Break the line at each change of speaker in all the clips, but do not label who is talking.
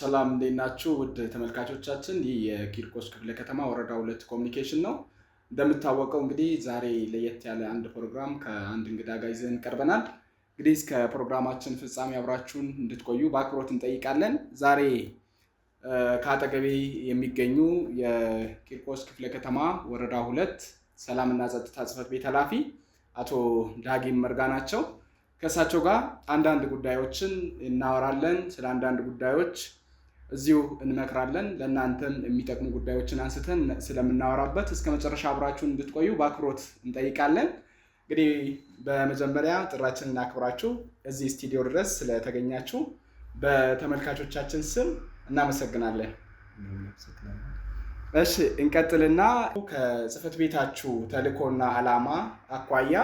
ሰላም እንዴት ናችሁ? ውድ ተመልካቾቻችን ይህ የቂርቆስ ክፍለ ከተማ ወረዳ ሁለት ኮሚኒኬሽን ነው። እንደምታወቀው እንግዲህ ዛሬ ለየት ያለ አንድ ፕሮግራም ከአንድ እንግዳ ጋር ይዘን ቀርበናል። እንግዲህ እስከ ፕሮግራማችን ፍጻሜ አብራችሁን እንድትቆዩ በአክብሮት እንጠይቃለን። ዛሬ ከአጠገቤ የሚገኙ የቂርቆስ ክፍለ ከተማ ወረዳ ሁለት ሰላምና ጸጥታ ጽፈት ቤት ኃላፊ አቶ ዳጊም መርጋ ናቸው። ከእሳቸው ጋር አንዳንድ ጉዳዮችን እናወራለን። ስለ አንዳንድ ጉዳዮች እዚሁ እንመክራለን። ለእናንተም የሚጠቅሙ ጉዳዮችን አንስተን ስለምናወራበት እስከ መጨረሻ አብራችሁን እንድትቆዩ በአክብሮት እንጠይቃለን። እንግዲህ በመጀመሪያ ጥራችንን እናክብራችሁ እዚህ ስቱዲዮ ድረስ ስለተገኛችሁ በተመልካቾቻችን ስም እናመሰግናለን። እሺ እንቀጥልና ከጽህፈት ቤታችሁ ተልእኮና ዓላማ አኳያ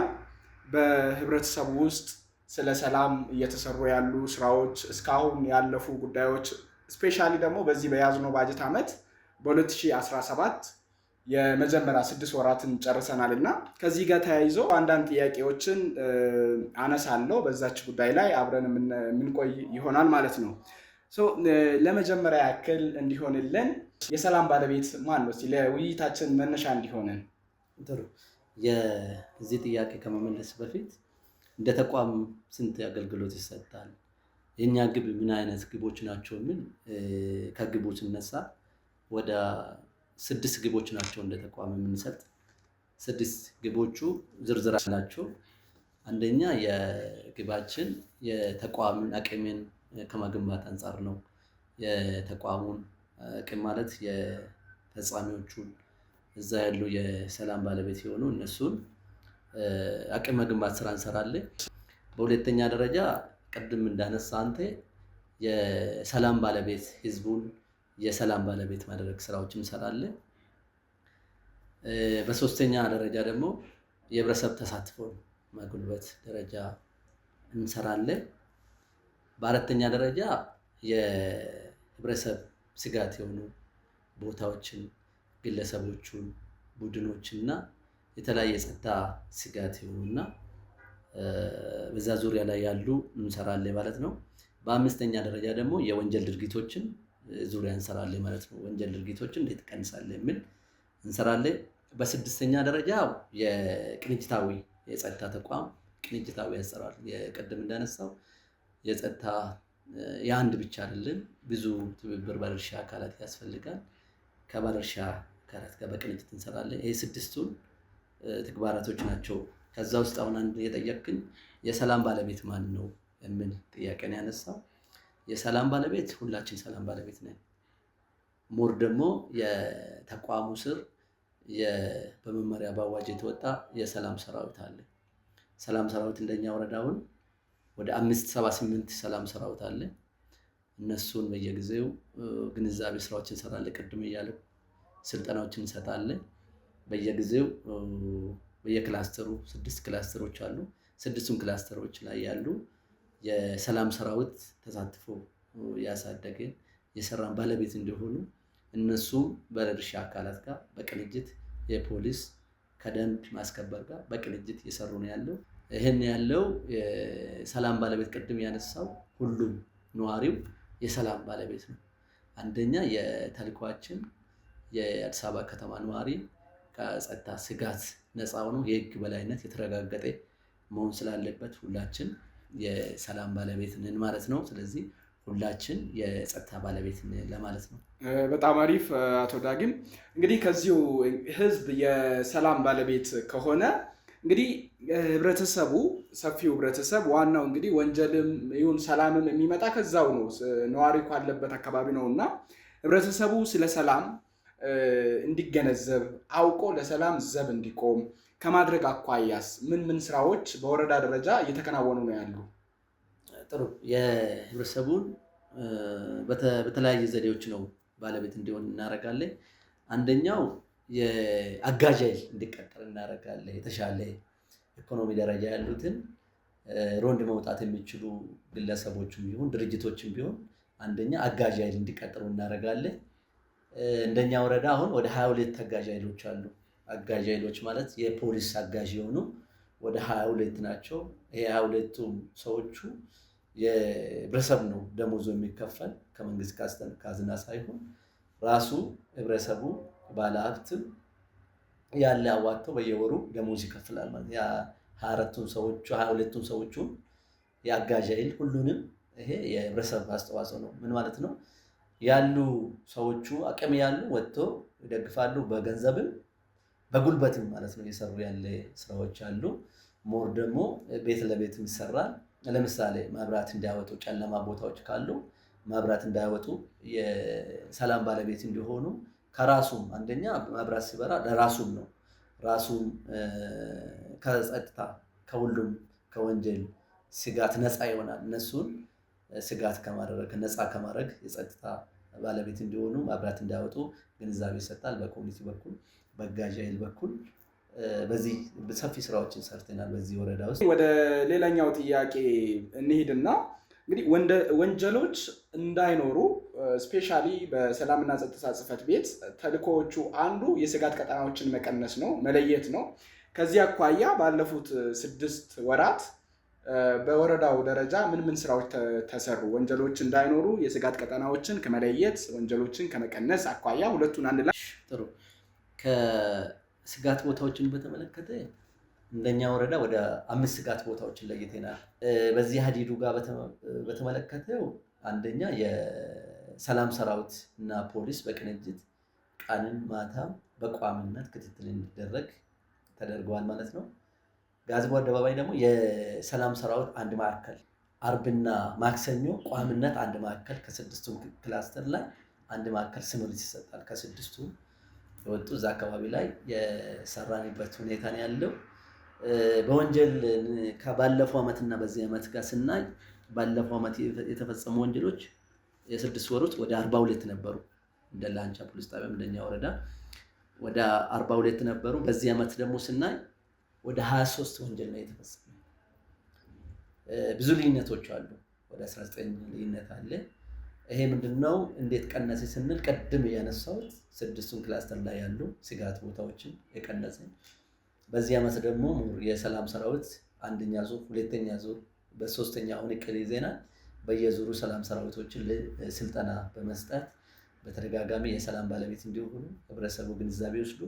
በህብረተሰቡ ውስጥ ስለ ሰላም እየተሰሩ ያሉ ስራዎች፣ እስካሁን ያለፉ ጉዳዮች ስፔሻሊ ደግሞ በዚህ በያዝነው ባጀት ዓመት በ2017 የመጀመሪያ ስድስት ወራትን ጨርሰናል እና ከዚህ ጋር ተያይዞ አንዳንድ ጥያቄዎችን አነሳለሁ። በዛች ጉዳይ ላይ አብረን የምንቆይ ይሆናል ማለት ነው። ለመጀመሪያ ያክል እንዲሆንልን የሰላም ባለቤት ማን ነው? ለውይይታችን መነሻ እንዲሆንን
ጥሩ። የዚህ ጥያቄ ከመመለስ በፊት እንደ ተቋም ስንት አገልግሎት ይሰጣል? የእኛ ግብ ምን አይነት ግቦች ናቸው? የሚል ከግቡ ስነሳ ወደ ስድስት ግቦች ናቸው እንደ ተቋም የምንሰጥ። ስድስት ግቦቹ ዝርዝር ናቸው። አንደኛ የግባችን የተቋምን አቅምን ከመገንባት አንጻር ነው። የተቋሙን አቅም ማለት የተፈጻሚዎቹን እዛ ያሉ የሰላም ባለቤት የሆኑ እነሱን አቅም መገንባት ስራ እንሰራለን። በሁለተኛ ደረጃ ቅድም እንዳነሳ አንተ የሰላም ባለቤት ህዝቡን የሰላም ባለቤት ማድረግ ስራዎች እንሰራለ። በሶስተኛ ደረጃ ደግሞ የህብረተሰብ ተሳትፎን መጉልበት ደረጃ እንሰራለን። በአራተኛ ደረጃ የህብረተሰብ ስጋት የሆኑ ቦታዎችን፣ ግለሰቦቹን፣ ቡድኖችና የተለያየ የጸጥታ ስጋት የሆኑና በዛ ዙሪያ ላይ ያሉ እንሰራለን ማለት ነው። በአምስተኛ ደረጃ ደግሞ የወንጀል ድርጊቶችን ዙሪያ እንሰራለን ማለት ነው። ወንጀል ድርጊቶችን እንዴት ቀንሳለን የሚል እንሰራለን። በስድስተኛ ደረጃ የቅንጅታዊ የጸጥታ ተቋም ቅንጅታዊ ያሰራል። የቀደም እንዳነሳው የጸጥታ የአንድ ብቻ አይደለም፣ ብዙ ትብብር ባለድርሻ አካላት ያስፈልጋል። ከባለድርሻ አካላት ጋር በቅንጅት እንሰራለን። ይህ ስድስቱን ተግባራቶች ናቸው። ከዛ ውስጥ አሁን አንድ የጠየቅክኝ የሰላም ባለቤት ማን ነው የሚል ጥያቄን ያነሳው። የሰላም ባለቤት ሁላችን ሰላም ባለቤት ነን። ሞር ደግሞ የተቋሙ ስር በመመሪያ በአዋጅ የተወጣ የሰላም ሰራዊት አለ። ሰላም ሰራዊት እንደኛ ወረዳውን ወደ አምስት ሰባ ስምንት ሰላም ሰራዊት አለ። እነሱን በየጊዜው ግንዛቤ ስራዎችን እንሰራለን። ቅድም እያለ ስልጠናዎችን እንሰጣለን በየጊዜው በየክላስተሩ ስድስት ክላስተሮች አሉ። ስድስቱም ክላስተሮች ላይ ያሉ የሰላም ሰራዊት ተሳትፎ ያሳደግን የሰራን ባለቤት እንደሆኑ እነሱ ባለድርሻ አካላት ጋር በቅንጅት የፖሊስ ከደንብ ማስከበር ጋር በቅንጅት እየሰሩ ነው ያለው። ይህን ያለው የሰላም ባለቤት ቅድም ያነሳው ሁሉም ነዋሪው የሰላም ባለቤት ነው። አንደኛ የተልኳችን የአዲስ አበባ ከተማ ነዋሪ ከጸጥታ ስጋት ነፃ ሆኖ የህግ በላይነት የተረጋገጠ መሆን ስላለበት ሁላችን የሰላም ባለቤት ነን ማለት ነው። ስለዚህ ሁላችን የጸጥታ ባለቤት ለማለት ነው።
በጣም አሪፍ አቶ ዳግም፣ እንግዲህ ከዚሁ ህዝብ የሰላም ባለቤት ከሆነ እንግዲህ ህብረተሰቡ፣ ሰፊው ህብረተሰብ ዋናው እንግዲህ ወንጀልም ይሁን ሰላምም የሚመጣ ከዛው ነው፣ ነዋሪ ካለበት አካባቢ ነው እና ህብረተሰቡ ስለ ሰላም እንዲገነዘብ አውቆ ለሰላም ዘብ እንዲቆም ከማድረግ አኳያስ ምን ምን ስራዎች በወረዳ ደረጃ እየተከናወኑ ነው ያሉ?
ጥሩ የህብረተሰቡን በተለያየ ዘዴዎች ነው ባለቤት እንዲሆን እናደርጋለን። አንደኛው የአጋዥ ኃይል እንዲቀጠል እናደርጋለን። የተሻለ ኢኮኖሚ ደረጃ ያሉትን ሮንድ መውጣት የሚችሉ ግለሰቦችም ቢሆን ድርጅቶችም ቢሆን አንደኛ አጋዥ ኃይል እንዲቀጥሩ እናደርጋለን። እንደኛ ወረዳ አሁን ወደ ሀያ ሁለት አጋዥ ኃይሎች አሉ። አጋዥ ኃይሎች ማለት የፖሊስ አጋዥ የሆኑ ወደ ሀያ ሁለት ናቸው። ሀያ ሁለቱም ሰዎቹ የህብረተሰብ ነው ደሞዞ የሚከፈል ከመንግስት ካዝና ሳይሆን ራሱ ህብረተሰቡ ባለሀብትም ያለ አዋጥተው በየወሩ ደሞዝ ይከፍላል ማለት ሀያ አራቱን ሰዎቹ ሀያ ሁለቱን ሰዎቹን የአጋዥ ኃይል ሁሉንም ይሄ የህብረተሰብ አስተዋጽኦ ነው። ምን ማለት ነው? ያሉ ሰዎቹ አቅም ያሉ ወጥቶ ይደግፋሉ። በገንዘብም በጉልበትም ማለት ነው የሰሩ ያለ ስራዎች አሉ። ሞር ደግሞ ቤት ለቤት ይሰራል። ለምሳሌ መብራት እንዳያወጡ ጨለማ ቦታዎች ካሉ መብራት እንዳያወጡ የሰላም ባለቤት እንዲሆኑ ከራሱም አንደኛ መብራት ሲበራ ለራሱም ነው ራሱም ከጸጥታ ከሁሉም ከወንጀል ስጋት ነፃ ይሆናል። እነሱን ስጋት ከማድረግ ነፃ ከማድረግ የጸጥታ ባለቤት እንዲሆኑ ማብራት እንዳያወጡ ግንዛቤ ይሰጣል። በኮሚኒቲ በኩል በአጋዥ ኃይል በኩል በዚህ ሰፊ ስራዎችን ሰርተናል። በዚህ ወረዳ ውስጥ
ወደ ሌላኛው ጥያቄ እንሂድና እንግዲህ ወንጀሎች እንዳይኖሩ ስፔሻሊ በሰላምና ጸጥታ ጽፈት ቤት ተልእኮዎቹ አንዱ የስጋት ቀጠናዎችን መቀነስ ነው፣ መለየት ነው። ከዚህ አኳያ ባለፉት ስድስት ወራት በወረዳው ደረጃ ምን ምን ስራዎች ተሰሩ? ወንጀሎች እንዳይኖሩ የስጋት ቀጠናዎችን ከመለየት ወንጀሎችን ከመቀነስ አኳያ ሁለቱን አንድ ላይ
ጥሩ። ከስጋት ቦታዎችን በተመለከተ እንደኛ ወረዳ ወደ አምስት ስጋት ቦታዎችን ለይተናል። በዚህ ሀዲዱ ጋር በተመለከተው አንደኛ የሰላም ሰራዊት እና ፖሊስ በቅንጅት ቀንም ማታም በቋምነት ክትትል እንዲደረግ ተደርገዋል ማለት ነው። ጋዝቦ አደባባይ ደግሞ የሰላም ሰራዊት አንድ ማዕከል አርብና ማክሰኞ ቋምነት አንድ ማዕከል ከስድስቱ ክላስተር ላይ አንድ ማዕከል ስምሪት ይሰጣል። ከስድስቱ የወጡ እዛ አካባቢ ላይ የሰራንበት ሁኔታ ነው ያለው። በወንጀል ከባለፈው ዓመትና በዚህ ዓመት ጋር ስናይ ባለፈው ዓመት የተፈጸሙ ወንጀሎች የስድስት ወር ወደ አርባ ሁለት ነበሩ። እንደ ላንቻ ፖሊስ ጣቢያ እንደኛ ወረዳ ወደ አርባ ሁለት ነበሩ። በዚህ ዓመት ደግሞ ስናይ ወደ 23 ወንጀል ላይ የተፈጸመ ብዙ ልዩነቶች አሉ። ወደ 19 ልዩነት አለ። ይሄ ምንድነው? እንዴት ቀነሰ ስንል ቅድም እያነሳሁት ስድስቱን ክላስተር ላይ ያሉ ስጋት ቦታዎችን የቀነሰ በዚህ ዓመት ደግሞ የሰላም ሰራዊት አንደኛ ዙር፣ ሁለተኛ ዙር፣ በሶስተኛ አሁን እቅድ ይዘናል። በየዙሩ ሰላም ሰራዊቶችን ስልጠና በመስጠት በተደጋጋሚ የሰላም ባለቤት እንዲሆኑ ህብረተሰቡ ግንዛቤ ወስዶ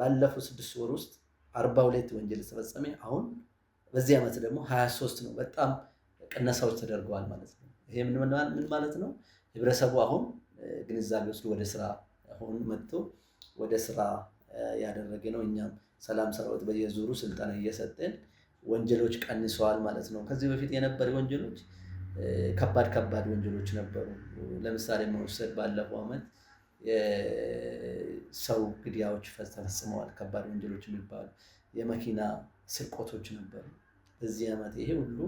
ባለፉት ስድስት ወር ውስጥ አርባ ሁለት ወንጀል ተፈጸመ። አሁን በዚህ ዓመት ደግሞ ሀያ ሶስት ነው። በጣም ቅነሳዎች ተደርገዋል ማለት ነው። ይሄ ምን ማለት ነው? ህብረተሰቡ አሁን ግንዛቤ ውስጥ ወደ ስራ አሁን መጥቶ ወደ ስራ ያደረገ ነው። እኛም ሰላም ሰራዊት በየዙሩ ስልጠና እየሰጠን ወንጀሎች ቀንሰዋል ማለት ነው። ከዚህ በፊት የነበረ ወንጀሎች ከባድ ከባድ ወንጀሎች ነበሩ። ለምሳሌ መውሰድ ባለፈው ዓመት የሰው ግድያዎች ተፈጽመዋል፣ ከባድ ወንጀሎች የሚባሉ የመኪና ስርቆቶች ነበሩ። በዚህ ዓመት ይሄ ሁሉ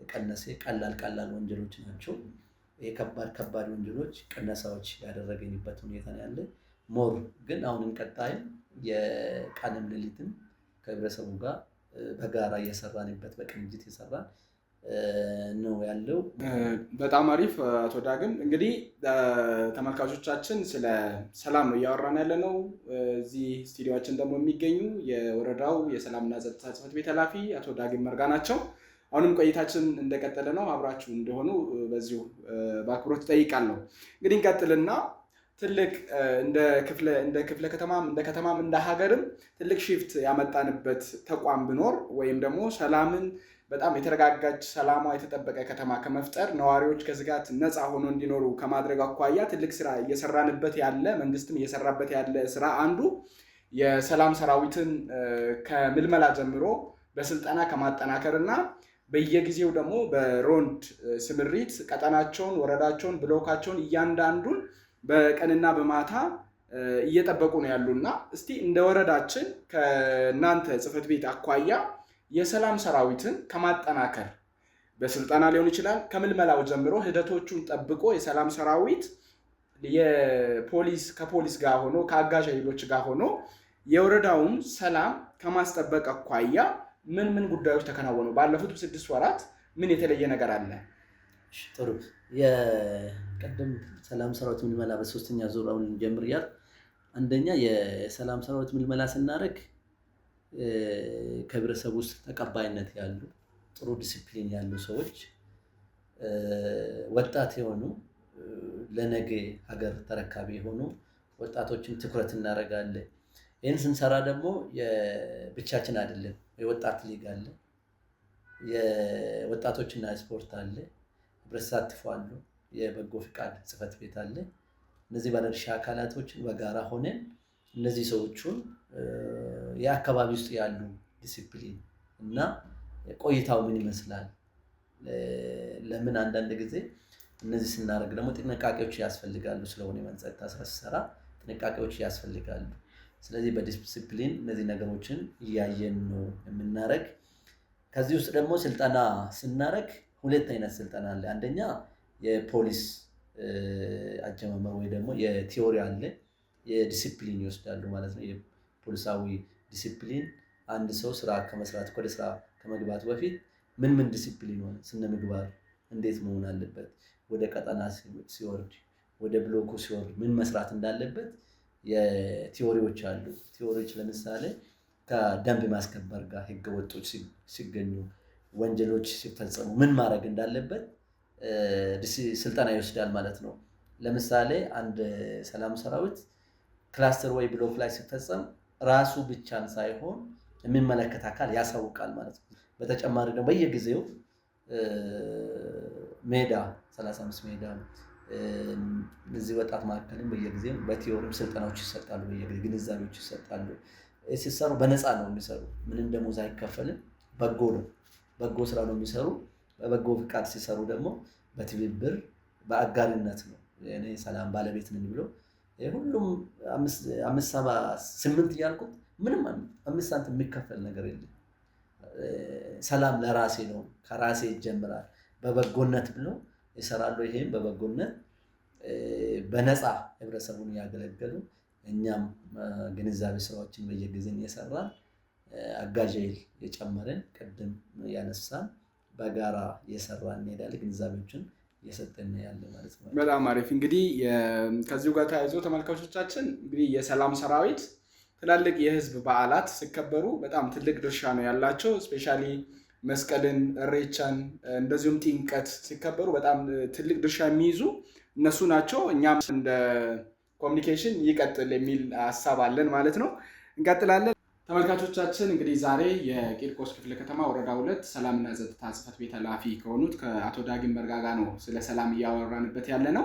የቀነሰ ቀላል ቀላል ወንጀሎች ናቸው። የከባድ ከባድ ወንጀሎች ቅነሳዎች ያደረገኝበት ሁኔታ ነው ያለ። ሞር ግን አሁንም ቀጣይም የቀንም ሌሊትም ከህብረተሰቡ ጋር በጋራ እየሰራንበት በቅንጅት የሰራን ነው ያለው።
በጣም አሪፍ አቶ ዳግም። እንግዲህ ተመልካቾቻችን ስለ ሰላም ነው እያወራን ያለ ነው። እዚህ ስቱዲዮችን ደግሞ የሚገኙ የወረዳው የሰላምና ጸጥታ ጽሕፈት ቤት ኃላፊ አቶ ዳግም መርጋ ናቸው። አሁንም ቆይታችን እንደቀጠለ ነው። አብራችሁ እንደሆኑ በዚሁ በአክብሮት እጠይቃለሁ። እንግዲህ እንቀጥልና ትልቅ እንደ ክፍለ ከተማም እንደ ከተማም እንደ ሀገርም ትልቅ ሺፍት ያመጣንበት ተቋም ብኖር ወይም ደግሞ ሰላምን በጣም የተረጋጋች ሰላሟ የተጠበቀ ከተማ ከመፍጠር ነዋሪዎች ከስጋት ነፃ ሆኖ እንዲኖሩ ከማድረግ አኳያ ትልቅ ስራ እየሰራንበት ያለ መንግስትም እየሰራበት ያለ ስራ አንዱ የሰላም ሰራዊትን ከምልመላ ጀምሮ በስልጠና ከማጠናከር እና በየጊዜው ደግሞ በሮንድ ስምሪት ቀጠናቸውን፣ ወረዳቸውን፣ ብሎካቸውን እያንዳንዱን በቀንና በማታ እየጠበቁ ነው ያሉና እስቲ እንደ ወረዳችን ከእናንተ ጽህፈት ቤት አኳያ የሰላም ሰራዊትን ከማጠናከር በስልጠና ሊሆን ይችላል። ከምልመላው ጀምሮ ሂደቶቹን ጠብቆ የሰላም ሰራዊት የፖሊስ ከፖሊስ ጋር ሆኖ ከአጋዥ ኃይሎች ጋር ሆኖ የወረዳውን ሰላም ከማስጠበቅ አኳያ ምን ምን ጉዳዮች ተከናወኑ? ባለፉት ስድስት ወራት ምን የተለየ ነገር አለ?
ጥሩ የቀደም ሰላም ሰራዊት ምልመላ በሶስተኛ ዙር አሁን ጀምር ያል አንደኛ የሰላም ሰራዊት ምልመላ ስናደርግ ከህብረተሰብ ውስጥ ተቀባይነት ያሉ ጥሩ ዲስፕሊን ያሉ ሰዎች ወጣት የሆኑ ለነገ ሀገር ተረካቢ የሆኑ ወጣቶችን ትኩረት እናደርጋለን። ይህን ስንሰራ ደግሞ ብቻችን አይደለም። የወጣት ሊግ አለ፣ የወጣቶችና ስፖርት አለ፣ ህብረት ተሳትፎ አሉ፣ የበጎ ፍቃድ ጽህፈት ቤት አለ። እነዚህ ባለድርሻ አካላቶችን በጋራ ሆነን እነዚህ ሰዎቹን የአካባቢ ውስጥ ያሉ ዲሲፕሊን እና ቆይታው ምን ይመስላል? ለምን አንዳንድ ጊዜ እነዚህ ስናደርግ ደግሞ ጥንቃቄዎች ያስፈልጋሉ። ስለሆነ የመንጸታ ስራ ሲሰራ ጥንቃቄዎች ያስፈልጋሉ። ስለዚህ በዲስፕሊን እነዚህ ነገሮችን እያየን ነው የምናደርግ። ከዚህ ውስጥ ደግሞ ስልጠና ስናደርግ ሁለት አይነት ስልጠና አለ። አንደኛ የፖሊስ አጀማመር ወይ ደግሞ የቲዎሪ አለ የዲሲፕሊን ይወስዳሉ ማለት ነው። የፖሊሳዊ ዲሲፕሊን አንድ ሰው ስራ ከመስራት ወደ ስራ ከመግባት በፊት ምን ምን ዲሲፕሊን ሆነ ስነ ምግባር እንዴት መሆን አለበት፣ ወደ ቀጠና ሲወርድ፣ ወደ ብሎኩ ሲወርድ ምን መስራት እንዳለበት የቲዎሪዎች አሉ። ቲዎሪዎች ለምሳሌ ከደንብ ማስከበር ጋር ህገ ወጦች ሲገኙ፣ ወንጀሎች ሲፈጸሙ ምን ማድረግ እንዳለበት ስልጠና ይወስዳል ማለት ነው። ለምሳሌ አንድ ሰላም ሰራዊት ክላስተር ወይ ብሎክ ላይ ሲፈጸም ራሱ ብቻን ሳይሆን የሚመለከት አካል ያሳውቃል ማለት ነው። በተጨማሪ ደግሞ በየጊዜው ሜዳ 35 ሜዳ እዚህ ወጣት ማዕከልም በየጊዜም በቴዎሪም ስልጠናዎች ይሰጣሉ፣ በየጊዜ ግንዛቤዎች ይሰጣሉ። ሲሰሩ በነፃ ነው የሚሰሩ፣ ምንም ደሞዝ አይከፈልም። በጎ ነው በጎ ስራ ነው የሚሰሩ። በበጎ ፍቃድ ሲሰሩ ደግሞ በትብብር በአጋርነት ነው ሰላም ባለቤት ነን ብሎ ሁሉም አምስት ሰባ ስምንት እያልኩት ምንም አምስት ሳንቲም የሚከፈል ነገር የለም። ሰላም ለራሴ ነው፣ ከራሴ ይጀምራል። በበጎነት ብሎ ይሰራሉ። ይሄም በበጎነት በነፃ ህብረተሰቡን ያገለገሉ እኛም ግንዛቤ ስራዎችን በየጊዜን የሰራን አጋዥ የጨመረን ቅድም ያነሳን በጋራ እየሰራ እንሄዳለን ግንዛቤዎችን እየሰጠን ያለ ማለት
ነው። በጣም አሪፍ እንግዲህ ከዚሁ ጋር ተያይዞ ተመልካቾቻችን እንግዲህ የሰላም ሰራዊት ትላልቅ የህዝብ በዓላት ሲከበሩ በጣም ትልቅ ድርሻ ነው ያላቸው። እስፔሻሊ መስቀልን፣ እሬቻን እንደዚሁም ጥምቀት ሲከበሩ በጣም ትልቅ ድርሻ የሚይዙ እነሱ ናቸው። እኛም እንደ ኮሚኒኬሽን ይቀጥል የሚል ሀሳብ አለን ማለት ነው። እንቀጥላለን። ተመልካቾቻችን እንግዲህ ዛሬ የቂርቆስ ክፍለ ከተማ ወረዳ ሁለት ሰላምና ጸጥታ ጽፈት ቤት ኃላፊ ከሆኑት ከአቶ ዳግም መርጋጋ ነው ስለ ሰላም እያወራንበት ያለ ነው።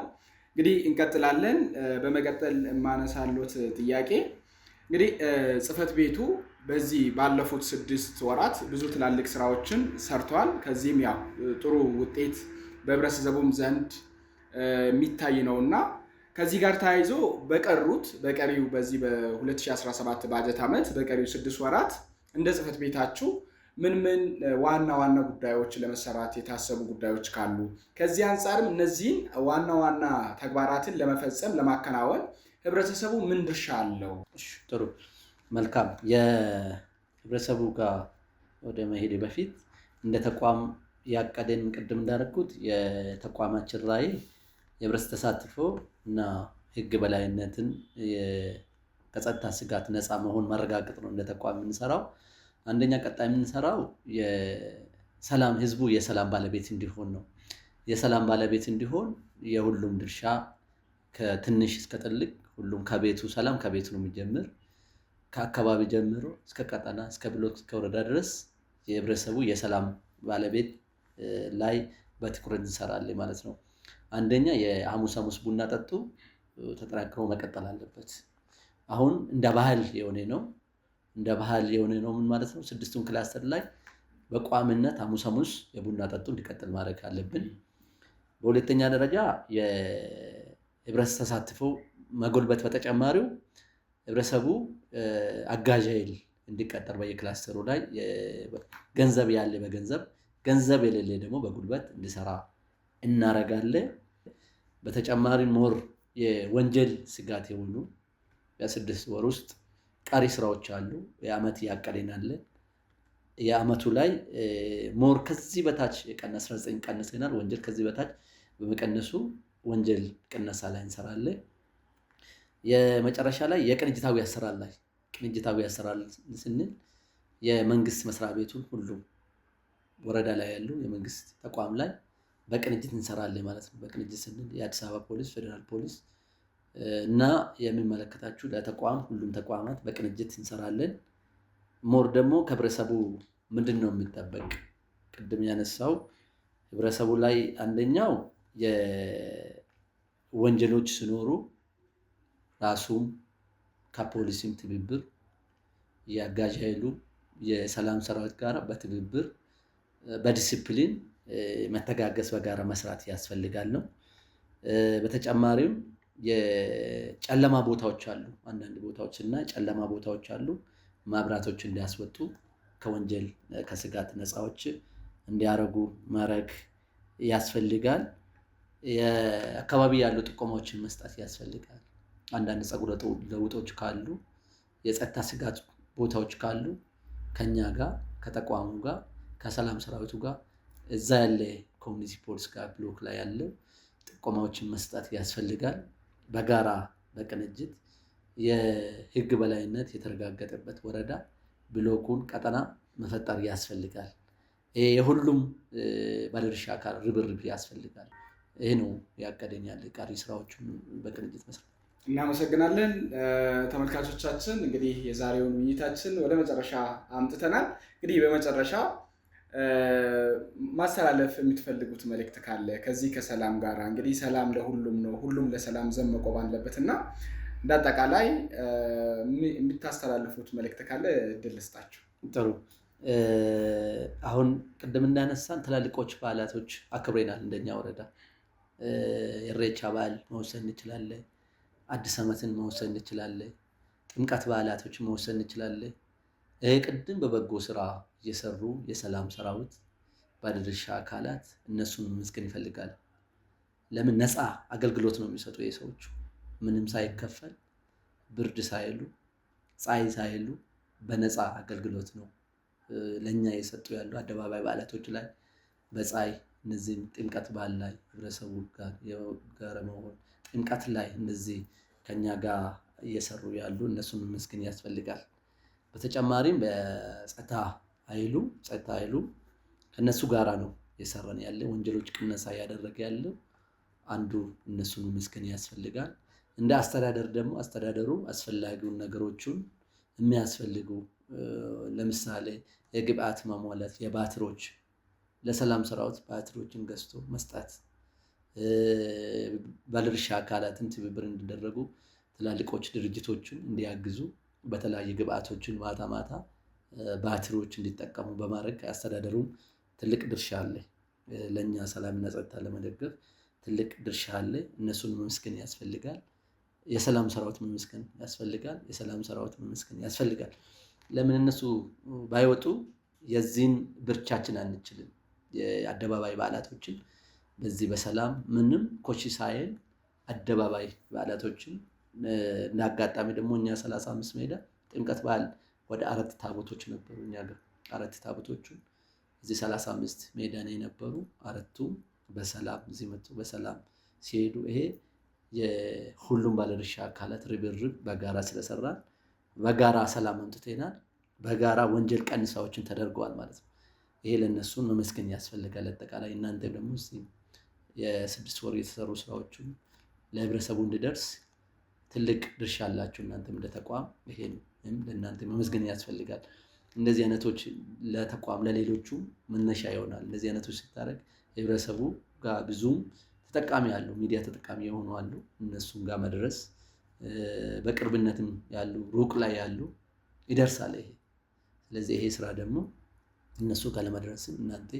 እንግዲህ እንቀጥላለን። በመቀጠል ማነሳሎት ጥያቄ እንግዲህ ጽፈት ቤቱ በዚህ ባለፉት ስድስት ወራት ብዙ ትላልቅ ስራዎችን ሰርተዋል። ከዚህም ያው ጥሩ ውጤት በህብረተሰቡም ዘንድ የሚታይ ነው እና ከዚህ ጋር ተያይዞ በቀሩት በቀሪው በዚህ በ2017 ባጀት ዓመት በቀሪው ስድስት ወራት እንደ ጽህፈት ቤታችሁ ምን ምን ዋና ዋና ጉዳዮች ለመሰራት የታሰቡ ጉዳዮች ካሉ ከዚህ አንጻርም እነዚህን ዋና ዋና ተግባራትን ለመፈጸም ለማከናወን ህብረተሰቡ ምን ድርሻ አለው?
ጥሩ መልካም። የህብረተሰቡ ጋር ወደ መሄድ በፊት እንደ ተቋም ያቀደን ቅድም እንዳደረግኩት የተቋማችን ራዕይ የህብረተሰብ ተሳትፎ እና ህግ በላይነትን ከጸጥታ ስጋት ነፃ መሆን ማረጋገጥ ነው እንደ ተቋም የምንሰራው። አንደኛ ቀጣይ የምንሰራው የሰላም ህዝቡ የሰላም ባለቤት እንዲሆን ነው። የሰላም ባለቤት እንዲሆን የሁሉም ድርሻ ከትንሽ እስከ ትልቅ ሁሉም ከቤቱ ሰላም ከቤቱ ነው የሚጀምር። ከአካባቢ ጀምሮ እስከ ቀጠና እስከ ብሎክ እስከ ወረዳ ድረስ የህብረተሰቡ የሰላም ባለቤት ላይ በትኩረት እንሰራለን ማለት ነው። አንደኛ የሐሙስ ሐሙስ ቡና ጠጡ ተጠናክሮ መቀጠል አለበት። አሁን እንደ ባህል የሆነ ነው እንደ ባህል የሆነ ነው ምን ማለት ነው? ስድስቱን ክላስተር ላይ በቋምነት ሐሙስ ሐሙስ የቡና ጠጡ እንዲቀጥል ማድረግ አለብን። በሁለተኛ ደረጃ የህብረተሰብ ተሳትፎ መጎልበት፣ በተጨማሪው ህብረተሰቡ አጋዣይል እንዲቀጠር በየክላስተሩ ላይ ገንዘብ ያለ በገንዘብ ገንዘብ የሌለ ደግሞ በጉልበት እንዲሰራ እናረጋለን። በተጨማሪ ሞር የወንጀል ስጋት የሆኑ በስድስት ወር ውስጥ ቀሪ ስራዎች አሉ። የአመት ያቀደናለን። የአመቱ ላይ ሞር ከዚህ በታች የቀን 19 ቀንሰናል። ወንጀል ከዚህ በታች በመቀነሱ ወንጀል ቅነሳ ላይ እንሰራለን። የመጨረሻ ላይ የቅንጅታዊ አሰራር ላይ ቅንጅታዊ አሰራር ስንል የመንግስት መስሪያ ቤቱን ሁሉም ወረዳ ላይ ያሉ የመንግስት ተቋም ላይ በቅንጅት እንሰራለን ማለት ነው። በቅንጅት ስንል የአዲስ አበባ ፖሊስ፣ ፌዴራል ፖሊስ እና የሚመለከታችሁ ለተቋም ሁሉም ተቋማት በቅንጅት እንሰራለን። ሞር ደግሞ ከህብረተሰቡ ምንድን ነው የሚጠበቅ ቅድም ያነሳው ህብረተሰቡ ላይ አንደኛው የወንጀሎች ሲኖሩ ራሱም ከፖሊስም ትብብር የአጋዥ ኃይሉ የሰላም ሰራዊት ጋር በትብብር በዲሲፕሊን መተጋገዝ፣ በጋራ መስራት ያስፈልጋል ነው። በተጨማሪም የጨለማ ቦታዎች አሉ፣ አንዳንድ ቦታዎች እና ጨለማ ቦታዎች አሉ። መብራቶች እንዲያስወጡ ከወንጀል ከስጋት ነፃዎች እንዲያረጉ ማድረግ ያስፈልጋል። አካባቢ ያሉ ጥቆማዎችን መስጠት ያስፈልጋል። አንዳንድ ፀጉረ ለውጦች ካሉ የጸጥታ ስጋት ቦታዎች ካሉ ከኛ ጋር ከተቋሙ ጋር ከሰላም ሰራዊቱ ጋር እዛ ያለ ኮሚኒቲ ፖሊስ ጋር ብሎክ ላይ ያለው ጥቆማዎችን መስጠት ያስፈልጋል። በጋራ በቅንጅት የህግ በላይነት የተረጋገጠበት ወረዳ ብሎኩን ቀጠና መፈጠር ያስፈልጋል። የሁሉም ባለድርሻ አካል ርብርብ ያስፈልጋል። ይህ ነው ያቀደኝ ቀሪ ስራዎችን በቅንጅት መስራት።
እናመሰግናለን። ተመልካቾቻችን እንግዲህ የዛሬውን ውይይታችን ወደ መጨረሻ አምጥተናል። እንግዲህ በመጨረሻ ማስተላለፍ የምትፈልጉት መልእክት ካለ ከዚህ ከሰላም ጋር እንግዲህ ሰላም ለሁሉም ነው፣ ሁሉም ለሰላም ዘብ መቆም አለበት እና እንደ አጠቃላይ የምታስተላልፉት መልእክት ካለ እድል ልስጣችሁ። ጥሩ። አሁን ቅድም እንዳነሳን ትላልቆች በዓላቶች አክብሬናል። እንደኛ ወረዳ የሬቻ በዓል መውሰድ እንችላለን፣ አዲስ ዓመትን መውሰድ እንችላለን፣ ጥምቀት በዓላቶች መውሰድ እንችላለን። ቅድም በበጎ ስራ የሰሩ የሰላም ሰራዊት ባለድርሻ አካላት እነሱን መመስገን ይፈልጋል። ለምን ነፃ አገልግሎት ነው የሚሰጡ የሰዎቹ ምንም ሳይከፈል ብርድ ሳይሉ ፀሐይ ሳይሉ በነፃ አገልግሎት ነው ለእኛ የሰጡ ያሉ አደባባይ በዓላቶች ላይ በፀሐይ እነዚህም ጥምቀት በዓል ላይ ህብረተሰቡ ጋር መሆን ጥምቀት ላይ እነዚህ ከኛ ጋር እየሰሩ ያሉ እነሱን መመስገን ያስፈልጋል። በተጨማሪም በጸጥታ ኃይሉ ጸጥታ ኃይሉ ከእነሱ ጋራ ነው የሰራን ያለ ወንጀሎች ቅነሳ እያደረገ ያለ አንዱ እነሱን መስገን ያስፈልጋል። እንደ አስተዳደር ደግሞ አስተዳደሩ አስፈላጊውን ነገሮቹን የሚያስፈልጉ ለምሳሌ የግብአት ማሟላት፣ የባትሮች ለሰላም ሰራዊት ባትሮችን ገዝቶ መስጠት፣ ባለድርሻ አካላትን ትብብር እንዲደረጉ ትላልቆች ድርጅቶችን እንዲያግዙ በተለያየ ግብአቶችን ማታ ማታ ባትሪዎች እንዲጠቀሙ በማድረግ አስተዳደሩም ትልቅ ድርሻ አለ። ለእኛ ሰላምና ጸጥታ ለመደገፍ ትልቅ ድርሻ አለ። እነሱን መመስገን ያስፈልጋል። የሰላም ሰራዊት መመስገን ያስፈልጋል። የሰላም ሰራዊት መመስገን ያስፈልጋል። ለምን እነሱ ባይወጡ የዚህን ብርቻችን አንችልም። የአደባባይ በዓላቶችን በዚህ በሰላም ምንም ኮሺ ሳይል አደባባይ በዓላቶችን እና አጋጣሚ ደግሞ እኛ 35 ሜዳ ጥምቀት በዓል ወደ አራት ታቦቶች ነበሩ እኛ ጋር አራት ታቦቶቹ እዚህ 35 ሜዳ ነው የነበሩ። አራቱም በሰላም እዚህ መጡ በሰላም ሲሄዱ ይሄ የሁሉም ባለድርሻ አካላት ርብርብ በጋራ ስለሰራን በጋራ ሰላም አምጥተናል። በጋራ ወንጀል ቀንሳዎችን ተደርገዋል ማለት ነው። ይሄ ለእነሱን መመስገን ያስፈልጋል። አጠቃላይ እናንተ ደግሞ የስድስት ወር የተሰሩ ስራዎችን ለህብረተሰቡ እንዲደርስ ትልቅ ድርሻ አላችሁ። እናንተም እንደ ተቋም ይሄን ለእናንተ መመስገን ያስፈልጋል። እንደዚህ አይነቶች ለተቋም ለሌሎቹ መነሻ ይሆናል። እንደዚህ አይነቶች ስታደርግ ህብረተሰቡ ጋር ብዙም ተጠቃሚ አሉ፣ ሚዲያ ተጠቃሚ የሆኑ አሉ። እነሱም ጋር መድረስ በቅርብነትም ያሉ ሩቅ ላይ ያሉ ይደርሳል ይሄ። ስለዚህ ይሄ ስራ ደግሞ እነሱ ጋር ለመድረስም እናንተ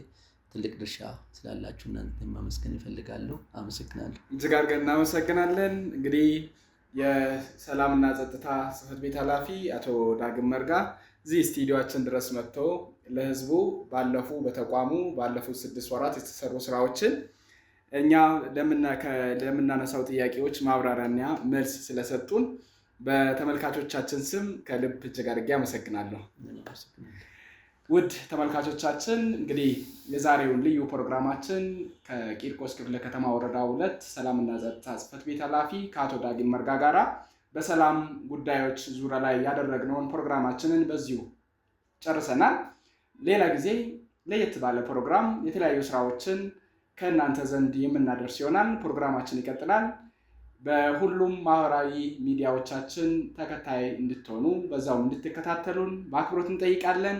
ትልቅ ድርሻ ስላላችሁ እናንተ ማመስገን ይፈልጋለሁ። አመሰግናለሁ። እጅግ አድርገን እናመሰግናለን እንግዲህ የሰላምና ጸጥታ ጽህፈት ቤት ኃላፊ አቶ ዳግም መርጋ እዚህ ስቱዲዮችን ድረስ መጥተው ለህዝቡ ባለፉ በተቋሙ ባለፉት ስድስት ወራት የተሰሩ ስራዎችን እኛ ለምናነሳው ጥያቄዎች ማብራሪያና መልስ ስለሰጡን በተመልካቾቻችን ስም ከልብ እጅግ አድርጌ አመሰግናለሁ። ውድ ተመልካቾቻችን እንግዲህ የዛሬውን ልዩ ፕሮግራማችን ከቂርቆስ ክፍለ ከተማ ወረዳ ሁለት ሰላምና ጸጥታ ጽሕፈት ቤት ኃላፊ ከአቶ ዳግም መርጋ ጋራ በሰላም ጉዳዮች ዙሪያ ላይ ያደረግነውን ፕሮግራማችንን በዚሁ ጨርሰናል። ሌላ ጊዜ ለየት ባለ ፕሮግራም የተለያዩ ስራዎችን ከእናንተ ዘንድ የምናደርስ ይሆናል። ፕሮግራማችን ይቀጥላል። በሁሉም ማህበራዊ ሚዲያዎቻችን ተከታይ እንድትሆኑ በዛውም እንድትከታተሉን በአክብሮት እንጠይቃለን።